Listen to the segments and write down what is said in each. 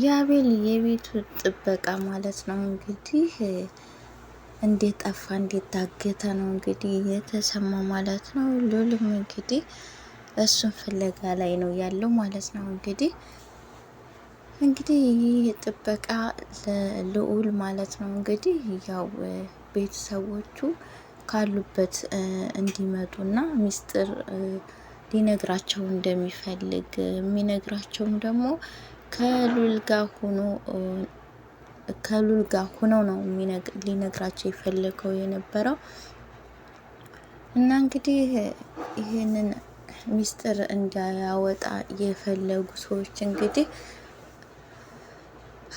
የአቤል የቤቱ ጥበቃ ማለት ነው እንግዲህ እንዴት ጠፋ እንዴት ታገተ ነው እንግዲህ የተሰማ ማለት ነው። ሉልም እንግዲህ እሱን ፍለጋ ላይ ነው ያለው ማለት ነው። እንግዲህ እንግዲህ ይህ ጥበቃ ለልዑል ማለት ነው እንግዲህ ያው ቤተሰቦቹ ካሉበት እንዲመጡ ና ሚስጥር ሊነግራቸው እንደሚፈልግ የሚነግራቸውም ደግሞ ከሉል ጋር ሆኖ ከሉል ጋር ሆነው ነው ሊነግራቸው የፈለገው የነበረው እና እንግዲህ ይህንን ሚስጥር እንዳያወጣ የፈለጉ ሰዎች እንግዲህ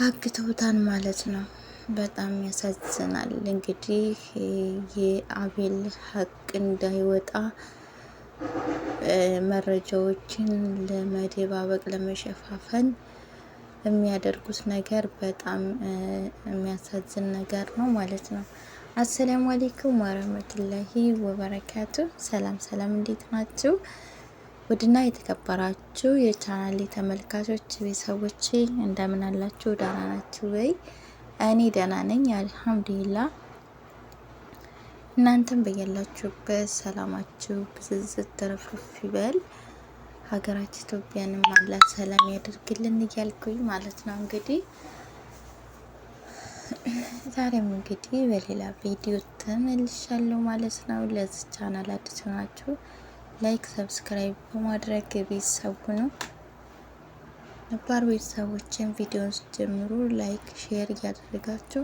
አግተውታን ማለት ነው። በጣም ያሳዝናል። እንግዲህ የአቤል ሀቅ እንዳይወጣ መረጃዎችን ለመደባበቅ ለመሸፋፈን የሚያደርጉት ነገር በጣም የሚያሳዝን ነገር ነው ማለት ነው። አሰላሙ አሌይኩም ወረህመቱላሂ ወበረካቱ። ሰላም ሰላም፣ እንዴት ናችሁ? ውድና የተከበራችሁ የቻናሌ ተመልካቾች ቤተሰቦቼ እንደምን አላችሁ? ደህና ናችሁ ወይ? እኔ ደህና ነኝ አልሐምዱሊላ። እናንተም በያላችሁበት ሰላማችሁ ብዝዝት ተረፍርፍ ይበል። ሀገራችን ኢትዮጵያንም አላት ሰላም ያደርግልን እያልኩኝ ማለት ነው። እንግዲህ ዛሬም እንግዲህ በሌላ ቪዲዮ ተመልሻለሁ ማለት ነው። ለዚህ ቻናል አዲስ ሆናችሁ ላይክ ሰብስክራይብ በማድረግ ቤተሰብ ነው ነባር ቤተሰቦችን ቪዲዮን ስጀምሩ ላይክ ሼር እያደረጋችሁ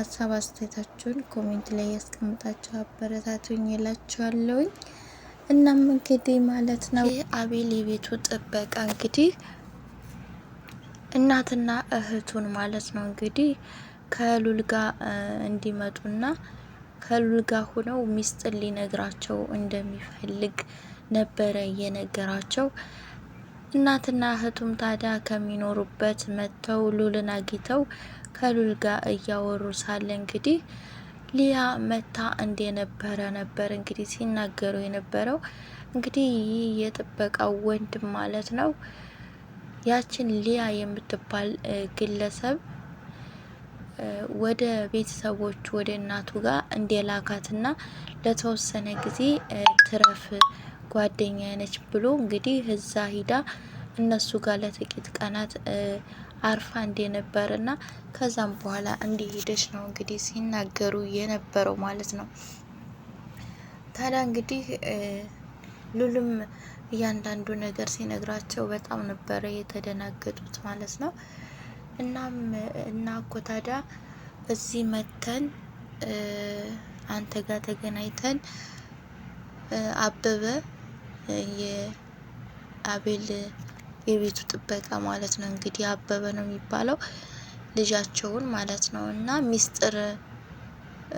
ሀሳብ አስተያየታችሁን ኮሜንት ላይ ያስቀምጣችሁ አበረታቱኝ እላችኋለሁኝ። እናም እንግዲህ ማለት ነው አቤል የቤቱ ጥበቃ እንግዲህ እናትና እህቱን ማለት ነው እንግዲህ ከሉል ጋር እንዲመጡና ከሉል ጋር ሆነው ሚስጥር ሊነግራቸው እንደሚፈልግ ነበረ እየነገራቸው። እናትና እህቱም ታዲያ ከሚኖሩበት መጥተው ሉልን አግኝተው ከሉል ጋር እያወሩ ሳለ እንግዲህ ሊያ መታ እንደነበረ ነበር እንግዲህ ሲናገሩ የነበረው። እንግዲህ ይህ የጥበቃው ወንድ ማለት ነው ያችን ሊያ የምትባል ግለሰብ ወደ ቤተሰቦቹ ወደ እናቱ ጋር እንደላካትና ለተወሰነ ጊዜ ትረፍ ጓደኛ ነች ብሎ እንግዲህ እዛ ሂዳ እነሱ ጋር ለጥቂት ቀናት አርፋ እንደነበር እና ከዛም በኋላ እንደሄደች ነው እንግዲህ ሲናገሩ የነበረው ማለት ነው። ታዲያ እንግዲህ ሉሉም እያንዳንዱ ነገር ሲነግራቸው በጣም ነበረ የተደናገጡት ማለት ነው። እናም እና እኮ ታዲያ እዚህ መተን አንተ ጋር ተገናኝተን አበበ የአቤል የቤቱ ጥበቃ ማለት ነው እንግዲህ አበበ ነው የሚባለው ልጃቸውን ማለት ነው። እና ሚስጥር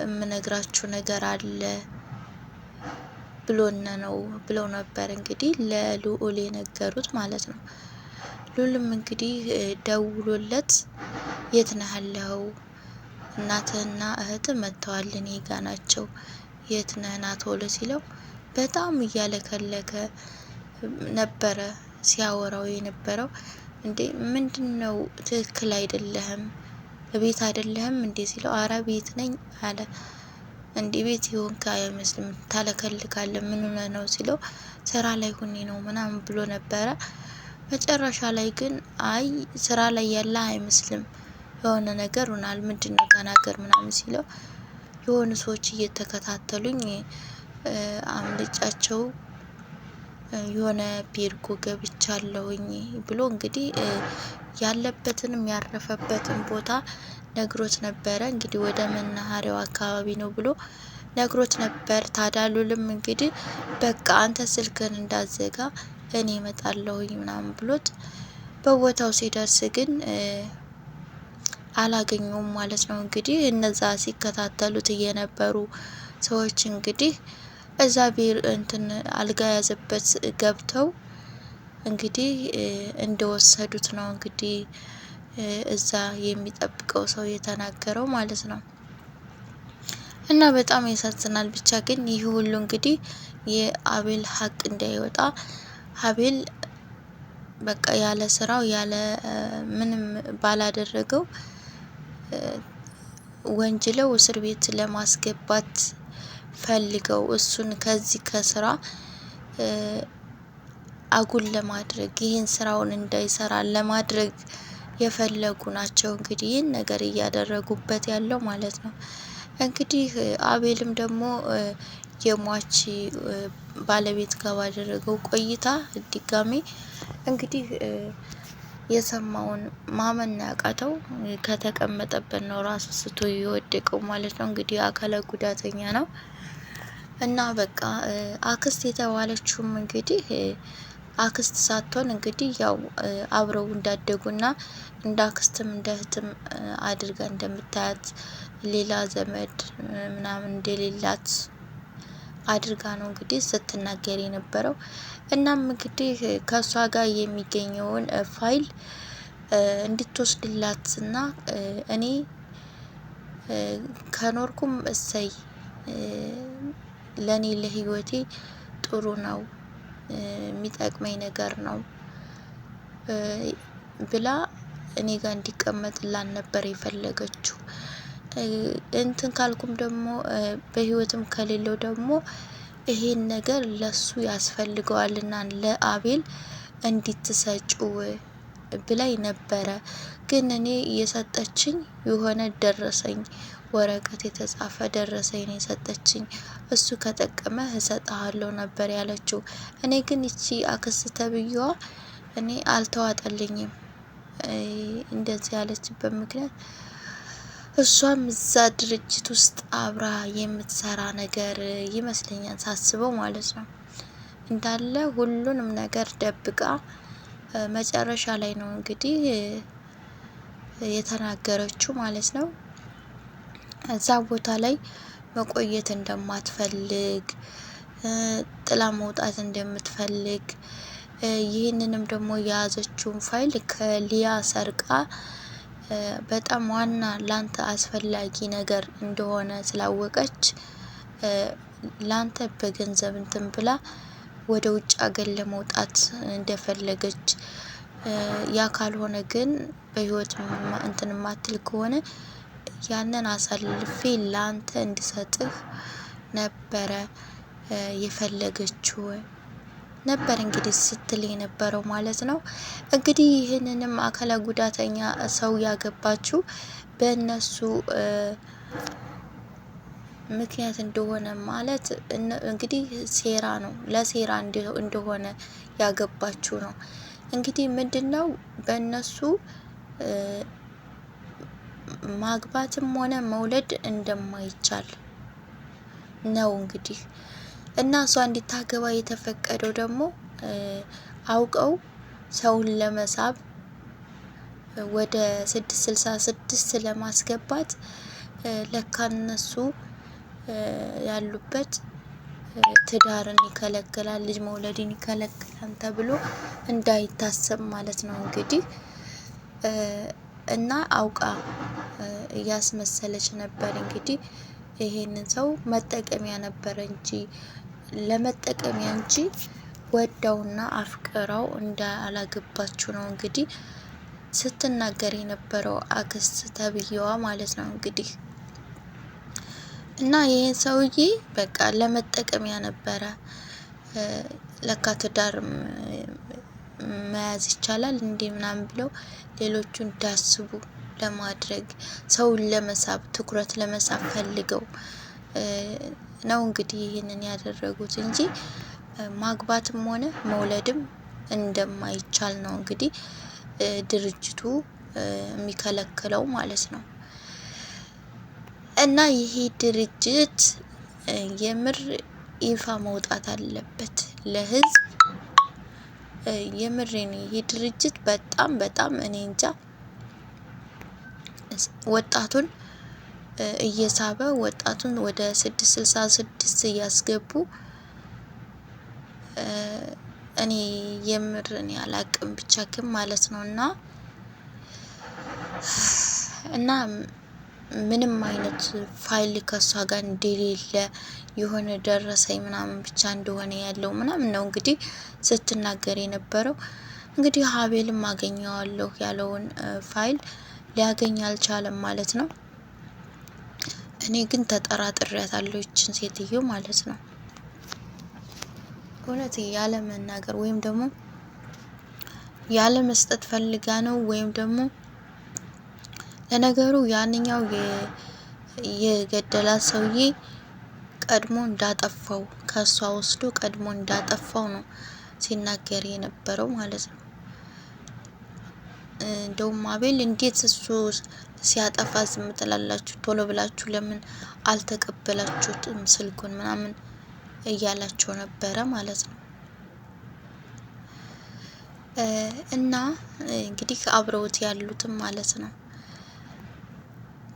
የምነግራችሁ ነገር አለ ብሎነ ነው ብለው ነበር እንግዲህ ለልዑል የነገሩት ማለት ነው። ልዑልም እንግዲህ ደውሎለት የት ነህ ያለኸው? እናትህና እህት መጥተዋል፣ እኔ ጋ ናቸው። የት ነህ ና ሲለው በጣም እያለከለከ ነበረ ሲያወራው የነበረው እንዴ ምንድን ነው ትክክል አይደለህም ቤት አይደለህም እንዴ ሲለው አረ ቤት ነኝ አለ እንዴ ቤት የሆንክ አይመስልም ታለከልካለ ምን ሆነ ነው ሲለው ስራ ላይ ሁኔ ነው ምናምን ብሎ ነበረ መጨረሻ ላይ ግን አይ ስራ ላይ ያለ አይመስልም የሆነ ነገር ሆናል ምንድን ነው ተናገር ምናምን ሲለው የሆኑ ሰዎች እየተከታተሉኝ አምልጫቸው የሆነ ፔርጎ ገብቻለሁኝ ብሎ እንግዲህ ያለበትንም ያረፈበትን ቦታ ነግሮት ነበረ። እንግዲህ ወደ መናኸሪያው አካባቢ ነው ብሎ ነግሮት ነበር። ታዳሉልም እንግዲህ በቃ አንተ ስልክን እንዳዘጋ እኔ እመጣለሁኝ ምናምን ብሎት በቦታው ሲደርስ ግን አላገኘውም ማለት ነው። እንግዲህ እነዛ ሲከታተሉት የነበሩ ሰዎች እንግዲህ እዛ ቤል እንትን አልጋ ያዘበት ገብተው እንግዲህ እንደወሰዱት ነው እንግዲህ እዛ የሚጠብቀው ሰው የተናገረው ማለት ነው። እና በጣም ያሳዝናል። ብቻ ግን ይህ ሁሉ እንግዲህ የአቤል ሀቅ እንዳይወጣ አቤል በቃ ያለ ስራው ያለ ምንም ባላደረገው ወንጅለው እስር ቤት ለማስገባት ፈልገው እሱን ከዚህ ከስራ አጉል ለማድረግ ይህን ስራውን እንዳይሰራ ለማድረግ የፈለጉ ናቸው። እንግዲህ ይህን ነገር እያደረጉበት ያለው ማለት ነው። እንግዲህ አቤልም ደግሞ የሟች ባለቤት ጋር ባደረገው ቆይታ ድጋሜ እንግዲህ የሰማውን ማመን ያቃተው ከተቀመጠበት ነው ራሱ ስቶ የወደቀው ማለት ነው። እንግዲህ አካለ ጉዳተኛ ነው። እና በቃ አክስት የተባለችውም እንግዲህ አክስት ሳትሆን እንግዲህ ያው አብረው እንዳደጉና እንደ አክስትም እንደ እህትም አድርጋ እንደምታያት ሌላ ዘመድ ምናምን እንደሌላት አድርጋ ነው እንግዲህ ስትናገር የነበረው። እናም እንግዲህ ከእሷ ጋር የሚገኘውን ፋይል እንድትወስድላትና እኔ ከኖርኩም እሰይ ለኔ ለህይወቴ ጥሩ ነው የሚጠቅመኝ ነገር ነው ብላ እኔ ጋር እንዲቀመጥላን ነበር የፈለገችው። እንትን ካልኩም ደግሞ በህይወትም ከሌለው ደግሞ ይሄን ነገር ለሱ ያስፈልገዋልና ለአቤል እንዲትሰጪው ብላይ ነበረ። ግን እኔ እየሰጠችኝ የሆነ ደረሰኝ ወረቀት የተጻፈ ደረሰኝ የሰጠችኝ። እሱ ከጠቀመ እሰጥሃለሁ ነበር ያለችው። እኔ ግን እቺ አክስት ተብዬዋ እኔ አልተዋጠልኝም። እንደዚህ ያለችበት ምክንያት እሷም እዛ ድርጅት ውስጥ አብራ የምትሰራ ነገር ይመስለኛል ሳስበው ማለት ነው። እንዳለ ሁሉንም ነገር ደብቃ መጨረሻ ላይ ነው እንግዲህ የተናገረችው ማለት ነው። እዛ ቦታ ላይ መቆየት እንደማትፈልግ ጥላ መውጣት እንደምትፈልግ ይህንንም ደግሞ የያዘችውን ፋይል ከሊያ ሰርቃ በጣም ዋና ላንተ አስፈላጊ ነገር እንደሆነ ስላወቀች ላንተ በገንዘብ እንትን ብላ ወደ ውጭ ሀገር ለመውጣት እንደፈለገች ያ ካልሆነ ግን በህይወት እንትን ማትል ከሆነ ያንን አሳልፌ ላንተ እንድሰጥህ ነበረ የፈለገችው ነበር እንግዲህ ስትል የነበረው ማለት ነው። እንግዲህ ይህንንም አካለ ጉዳተኛ ሰው ያገባችው በእነሱ ምክንያት እንደሆነ ማለት እንግዲህ ሴራ ነው፣ ለሴራ እንደሆነ ያገባችው ነው። እንግዲህ ምንድን ነው በእነሱ ማግባትም ሆነ መውለድ እንደማይቻል ነው እንግዲህ እና እሷ እንዲታገባ የተፈቀደው ደግሞ አውቀው ሰውን ለመሳብ ወደ 666 ለማስገባት ለካ እነሱ ያሉበት ትዳርን ይከለክላል፣ ልጅ መውለድን ይከለክላል ተብሎ እንዳይታሰብ ማለት ነው እንግዲህ እና አውቃ እያስመሰለች ነበር። እንግዲህ ይሄንን ሰው መጠቀሚያ ነበረ እንጂ ለመጠቀሚያ እንጂ ወዳውና አፍቅራው እንዳ ነው እንግዲህ ስትናገር የነበረው አክስት ተብዬዋ ማለት ነው እንግዲህ እና ይህን ሰውዬ በቃ ለመጠቀሚያ ነበረ። ለካ ትዳር መያዝ ይቻላል እንዴ ምናምን ብለው ሌሎቹ እንዳስቡ ለማድረግ ሰውን ለመሳብ ትኩረት ለመሳብ ፈልገው ነው እንግዲህ ይህንን ያደረጉት እንጂ ማግባትም ሆነ መውለድም እንደማይቻል ነው እንግዲህ ድርጅቱ የሚከለክለው ማለት ነው። እና ይሄ ድርጅት የምር ይፋ መውጣት አለበት ለህዝብ። የምሬ ነው። ይሄ ድርጅት በጣም በጣም እኔ እንጃ ወጣቱን እየሳበ ወጣቱን ወደ ስድስት ስልሳ ስድስት እያስገቡ እኔ የምርን ያላቅም ብቻ ግን ማለት ነው እና እና ምንም አይነት ፋይል ከሷ ጋር እንደሌለ የሆነ ደረሰኝ ምናምን ብቻ እንደሆነ ያለው ምናምን ነው እንግዲህ ስትናገር የነበረው። እንግዲህ ሀቤልም አገኘዋለሁ ያለውን ፋይል ሊያገኝ አልቻለም ማለት ነው። እኔ ግን ተጠራጥሬያታለሁ ይችን ሴትዮ ማለት ነው። እውነት ያለ መናገር ወይም ደግሞ ያለ መስጠት ፈልጋ ነው ወይም ደግሞ ለነገሩ ያንኛው የገደላት ሰውዬ ቀድሞ እንዳጠፋው ከሷ ወስዶ ቀድሞ እንዳጠፋው ነው ሲናገር የነበረው ማለት ነው። እንደውም አቤል እንዴት እሱ ሲያጠፋ ዝም ትላላችሁ? ቶሎ ብላችሁ ለምን አልተቀበላችሁትም ስልኩን ምናምን እያላቸው ነበረ ማለት ነው። እና እንግዲህ አብረውት ያሉትም ማለት ነው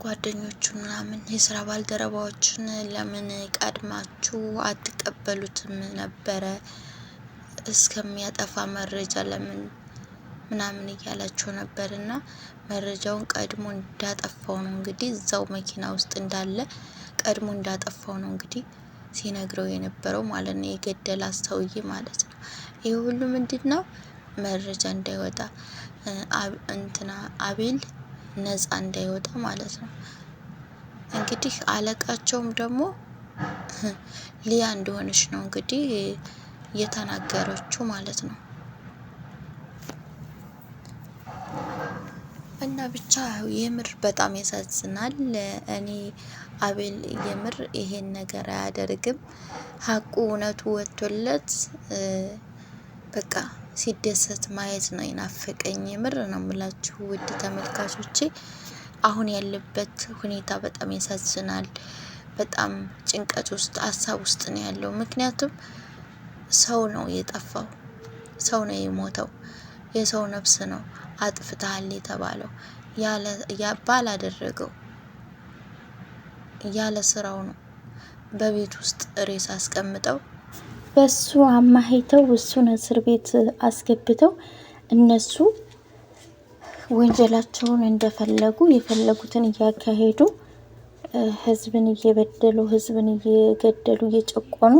ጓደኞቹን ምናምን የስራ ባልደረባዎችን ለምን ቀድማችሁ አትቀበሉትም ነበረ እስከሚያጠፋ መረጃ ለምን ምናምን እያላቸው ነበር እና መረጃውን ቀድሞ እንዳጠፋው ነው እንግዲህ እዛው መኪና ውስጥ እንዳለ ቀድሞ እንዳጠፋው ነው እንግዲህ ሲነግረው የነበረው ማለት ነው፣ የገደላት ሰውዬ ማለት ነው። ይህ ሁሉ ምንድን ነው? መረጃ እንዳይወጣ እንትና አቤል ነጻ እንዳይወጣ ማለት ነው። እንግዲህ አለቃቸውም ደግሞ ሊያ እንደሆነች ነው እንግዲህ የተናገረችው ማለት ነው። እና ብቻ የምር በጣም ያሳዝናል። እኔ አቤል የምር ይሄን ነገር አያደርግም። ሀቁ እውነቱ ወቶለት በቃ ሲደሰት ማየት ነው የናፈቀኝ። የምር ነው የምላችሁ ውድ ተመልካቾቼ፣ አሁን ያለበት ሁኔታ በጣም ያሳዝናል። በጣም ጭንቀት ውስጥ ሀሳብ ውስጥ ነው ያለው። ምክንያቱም ሰው ነው የጠፋው፣ ሰው ነው የሞተው፣ የሰው ነፍስ ነው አጥፍተሃል የተባለው ባላደረገው ያለ ስራው ነው። በቤት ውስጥ ሬስ አስቀምጠው በሱ አማሄተው እሱን እስር ቤት አስገብተው እነሱ ወንጀላቸውን እንደፈለጉ የፈለጉትን እያካሄዱ ህዝብን እየበደሉ ህዝብን እየገደሉ እየጨቆኑ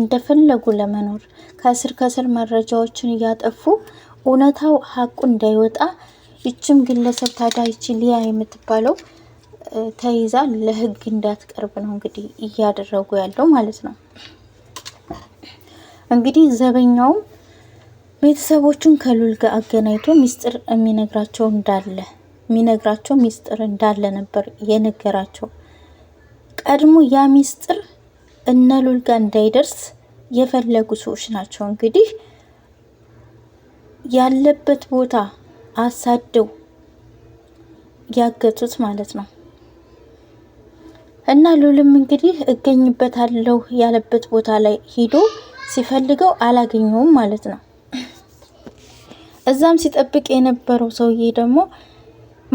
እንደፈለጉ ለመኖር ከስር ከስር መረጃዎችን እያጠፉ እውነታው ሀቁ እንዳይወጣ ይችም ግለሰብ ታዲያ ይቺ ሊያ የምትባለው ተይዛ ለህግ እንዳትቀርብ ነው እንግዲህ እያደረጉ ያለው ማለት ነው። እንግዲህ ዘበኛውም ቤተሰቦቹን ከሉል ጋር አገናኝቶ ሚስጥር የሚነግራቸው እንዳለ የሚነግራቸው ሚስጥር እንዳለ ነበር የነገራቸው። ቀድሞ ያ ሚስጥር እነ ሉል ጋር እንዳይደርስ የፈለጉ ሰዎች ናቸው እንግዲህ ያለበት ቦታ አሳደው ያገቱት ማለት ነው። እና ሉልም እንግዲህ እገኝበታለሁ ያለበት ቦታ ላይ ሂዶ ሲፈልገው አላገኘውም ማለት ነው። እዛም ሲጠብቅ የነበረው ሰውዬ ደግሞ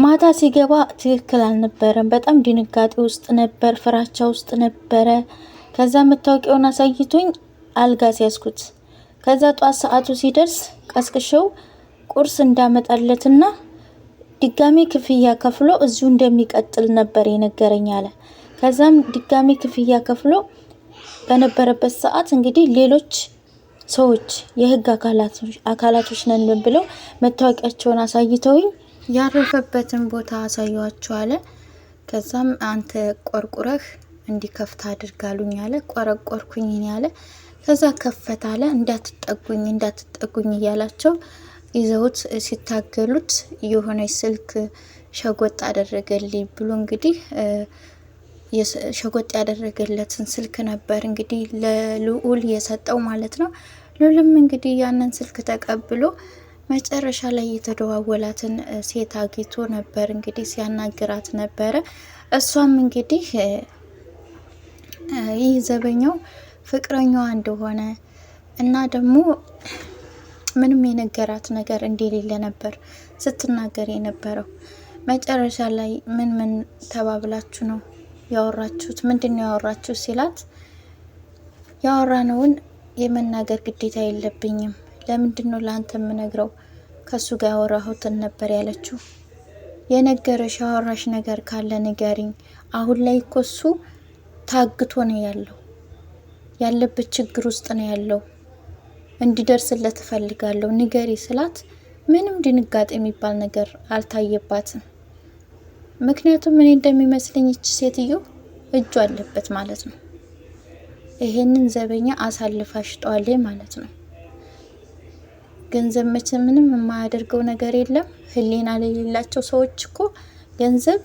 ማታ ሲገባ ትክክል አልነበረም። በጣም ድንጋጤ ውስጥ ነበር፣ ፍራቻ ውስጥ ነበረ። ከዛ መታወቂያውን አሳይቶኝ አልጋ ሲያስኩት ከዛ ጧት ሰዓቱ ሲደርስ ቀስቅሸው ቁርስ እንዳመጣለትና ድጋሜ ክፍያ ከፍሎ እዚሁ እንደሚቀጥል ነበር የነገረኝ አለ። ከዛም ድጋሜ ክፍያ ከፍሎ በነበረበት ሰዓት እንግዲህ ሌሎች ሰዎች የህግ አካላቶች ነን ብለው መታወቂያቸውን አሳይተውኝ ያረፈበትን ቦታ አሳየኋቸው አለ። ከዛም አንተ ቆርቁረህ እንዲከፍት አድርጋሉኝ አለ። ቆረቆርኩኝ ያለ ከዛ ከፈት አለ። እንዳትጠጉኝ እንዳትጠጉኝ እያላቸው ይዘውት ሲታገሉት የሆነ ስልክ ሸጎጥ አደረገልኝ ብሎ እንግዲህ ሸጎጥ ያደረገለትን ስልክ ነበር እንግዲህ ለልዑል የሰጠው ማለት ነው። ልዑልም እንግዲህ ያንን ስልክ ተቀብሎ መጨረሻ ላይ የተደዋወላትን ሴት አግኝቶ ነበር እንግዲህ ሲያናግራት ነበረ። እሷም እንግዲህ ይህ ዘበኛው ፍቅረኛዋ እንደሆነ እና ደግሞ ምንም የነገራት ነገር እንደሌለ ነበር ስትናገር የነበረው። መጨረሻ ላይ ምን ምን ተባብላችሁ ነው ያወራችሁት? ምንድን ነው ያወራችሁ ሲላት ያወራነውን የመናገር ግዴታ የለብኝም ለምንድን ነው ለአንተ የምነግረው ከሱ ጋር ያወራሁትን ነበር ያለችው። የነገረሽ ያወራሽ ነገር ካለ ንገሪኝ። አሁን ላይ እኮ እሱ ታግቶ ነው ያለው ያለበት ችግር ውስጥ ነው ያለው፣ እንዲደርስለት እፈልጋለሁ ንገሪ ስላት ምንም ድንጋጤ የሚባል ነገር አልታየባትም። ምክንያቱም እኔ እንደሚመስለኝ ይች ሴትዮ እጁ አለበት ማለት ነው። ይሄንን ዘበኛ አሳልፋ ሽጠዋል ማለት ነው። ገንዘብ መቼ ምንም የማያደርገው ነገር የለም። ህሊና ለሌላቸው ሰዎች እኮ ገንዘብ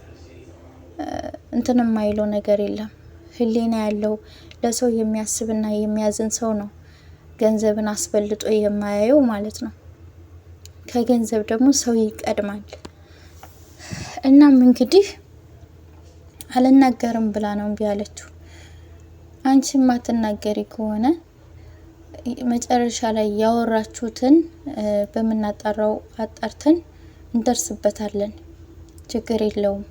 እንትን የማይለው ነገር የለም። ህሊና ያለው ለሰው የሚያስብና የሚያዝን ሰው ነው ገንዘብን አስበልጦ የማያየው ማለት ነው። ከገንዘብ ደግሞ ሰው ይቀድማል። እናም እንግዲህ አልናገርም ብላ ነው እምቢ አለችው። አንቺ ማትናገሪ ከሆነ መጨረሻ ላይ ያወራችሁትን በምናጣራው አጣርተን እንደርስበታለን፣ ችግር የለውም።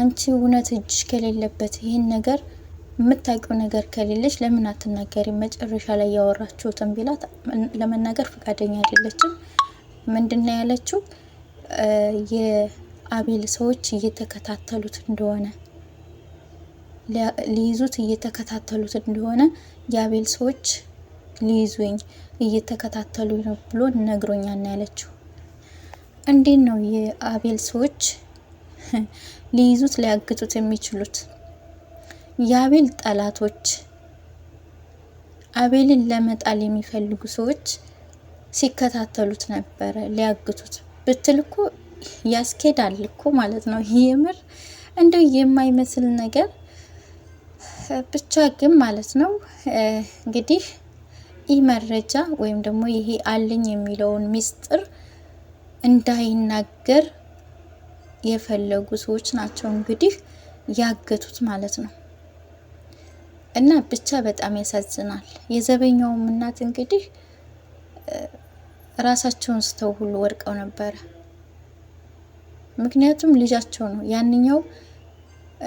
አንቺ እውነት እጅሽ ከሌለበት ይህን ነገር የምታውቂው ነገር ከሌለች ለምን አትናገሪ? መጨረሻ ላይ ያወራችሁትን ቢላት ለመናገር ፈቃደኛ አይደለችም። ምንድነው ያለችው? የአቤል ሰዎች እየተከታተሉት እንደሆነ ሊይዙት እየተከታተሉት እንደሆነ የአቤል ሰዎች ሊይዙኝ እየተከታተሉ ነው ብሎ ነግሮኛል ነው ያለችው። እንዴት ነው የአቤል ሰዎች ሊይዙት ሊያግቱት የሚችሉት? የአቤል ጠላቶች አቤልን ለመጣል የሚፈልጉ ሰዎች ሲከታተሉት ነበረ። ሊያግቱት ብትል እኮ ያስኬዳል እኮ ማለት ነው። የምር እንደው የማይመስል ነገር ብቻ ግን ማለት ነው እንግዲህ ይህ መረጃ ወይም ደግሞ ይሄ አለኝ የሚለውን ሚስጥር እንዳይናገር የፈለጉ ሰዎች ናቸው እንግዲህ ያገቱት ማለት ነው። እና ብቻ በጣም ያሳዝናል። የዘበኛውም እናት እንግዲህ ራሳቸውን ስተው ሁሉ ወድቀው ነበረ። ምክንያቱም ልጃቸው ነው ያንኛው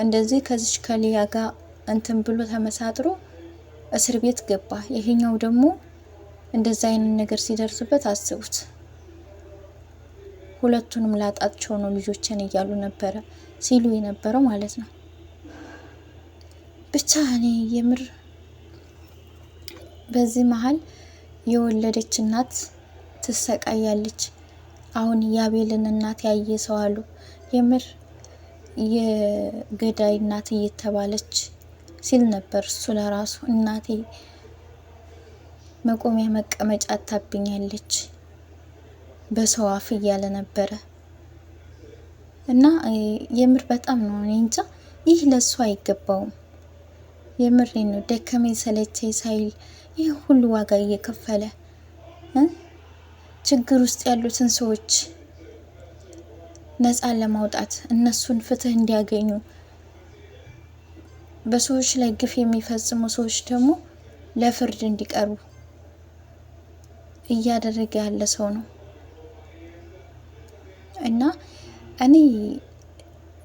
እንደዚህ ከዚች ከሊያ ጋር እንትን ብሎ ተመሳጥሮ እስር ቤት ገባ። ይሄኛው ደግሞ እንደዛ አይነት ነገር ሲደርስበት አስቡት። ሁለቱንም ላጣቸው ነው ልጆችን እያሉ ነበረ ሲሉ የነበረው ማለት ነው። ብቻ እኔ የምር በዚህ መሀል የወለደች እናት ትሰቃያለች። አሁን የአቤልን እናት ያየ ሰው አሉ የምር የገዳይ እናት እየተባለች ሲል ነበር እሱ ለራሱ እናቴ መቆሚያ መቀመጫ ታብኛለች በሰው አፍ እያለ ነበረ። እና የምር በጣም ነው እኔ እንጃ ይህ ለሱ አይገባውም። የምሬ ነው። ደከመኝ ሰለቸኝ ሳይል ይህ ሁሉ ዋጋ እየከፈለ ችግር ውስጥ ያሉትን ሰዎች ነፃ ለማውጣት እነሱን ፍትህ እንዲያገኙ በሰዎች ላይ ግፍ የሚፈጽሙ ሰዎች ደግሞ ለፍርድ እንዲቀርቡ እያደረገ ያለ ሰው ነው እና እኔ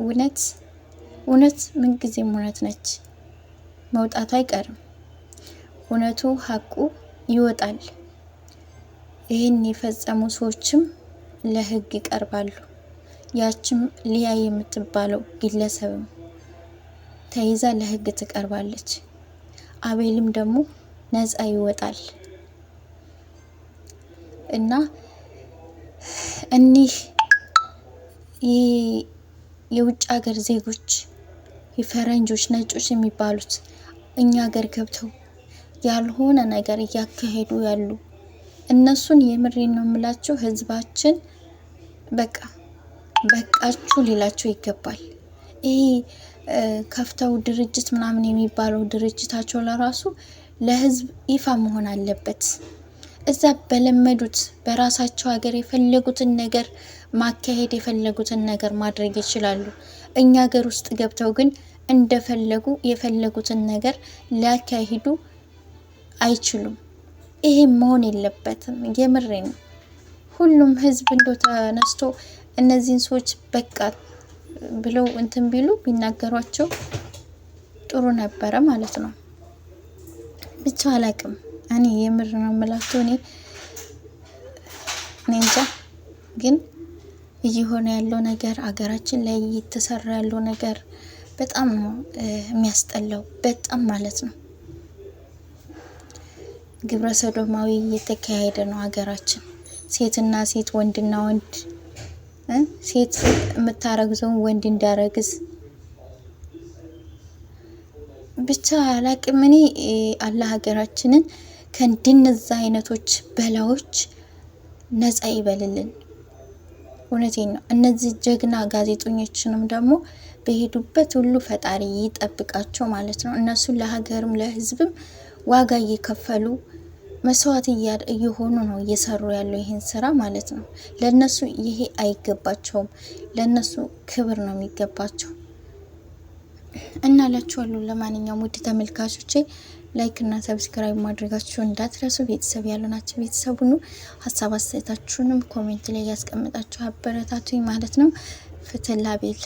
እውነት እውነት ምንጊዜም እውነት ነች። መውጣቱ አይቀርም። እውነቱ ሀቁ ይወጣል። ይህን የፈጸሙ ሰዎችም ለህግ ይቀርባሉ። ያችም ሊያ የምትባለው ግለሰብም ተይዛ ለህግ ትቀርባለች። አቤልም ደግሞ ነፃ ይወጣል እና እኒህ የውጭ ሀገር ዜጎች የፈረንጆች ነጮች የሚባሉት እኛ ሀገር ገብተው ያልሆነ ነገር እያካሄዱ ያሉ እነሱን የምሬን ነው የምላቸው። ህዝባችን በቃ በቃችሁ ሊላቸው ይገባል። ይሄ ከፍተው ድርጅት ምናምን የሚባለው ድርጅታቸው ለራሱ ለህዝብ ይፋ መሆን አለበት። እዛ በለመዱት በራሳቸው ሀገር የፈለጉትን ነገር ማካሄድ የፈለጉትን ነገር ማድረግ ይችላሉ። እኛ ሀገር ውስጥ ገብተው ግን እንደፈለጉ የፈለጉትን ነገር ሊያካሂዱ አይችሉም። ይሄም መሆን የለበትም። የምሬ ነው። ሁሉም ህዝብ እንዶ ተነስቶ እነዚህን ሰዎች በቃ ብለው እንትን ቢሉ ቢናገሯቸው ጥሩ ነበረ ማለት ነው። ብቻ አላቅም። እኔ የምር ነው የምላቸው። እኔ እኔ እንጃ ግን እየሆነ ያለው ነገር አገራችን ላይ እየተሰራ ያለው ነገር በጣም ነው የሚያስጠላው። በጣም ማለት ነው ግብረ ሰዶማዊ እየተካሄደ ነው ሀገራችን። ሴትና ሴት፣ ወንድና ወንድ፣ ሴት የምታረግዘውን ወንድ እንዳረግዝ ብቻ አላቅም። እኔ አላህ ሀገራችንን ከእንድነዛ አይነቶች በላዎች ነጻ ይበልልን። እውነቴን ነው። እነዚህ ጀግና ጋዜጠኞችንም ደግሞ በሄዱበት ሁሉ ፈጣሪ ይጠብቃቸው ማለት ነው። እነሱ ለሀገርም ለህዝብም ዋጋ እየከፈሉ መስዋዕት እየሆኑ ነው እየሰሩ ያለው ይህን ስራ ማለት ነው። ለእነሱ ይሄ አይገባቸውም። ለእነሱ ክብር ነው የሚገባቸው እና ላችኋለሁ። ለማንኛውም ውድ ተመልካቾቼ ላይክ እና ሰብስክራይብ ማድረጋችሁ እንዳትረሱ። ቤተሰብ ያልሆናችሁ ቤተሰብ ሁኑ። ሀሳብ አስተያየታችሁንም ኮሜንት ላይ ያስቀምጣችሁ አበረታቱኝ ማለት ነው። ፍትህ ለአቤል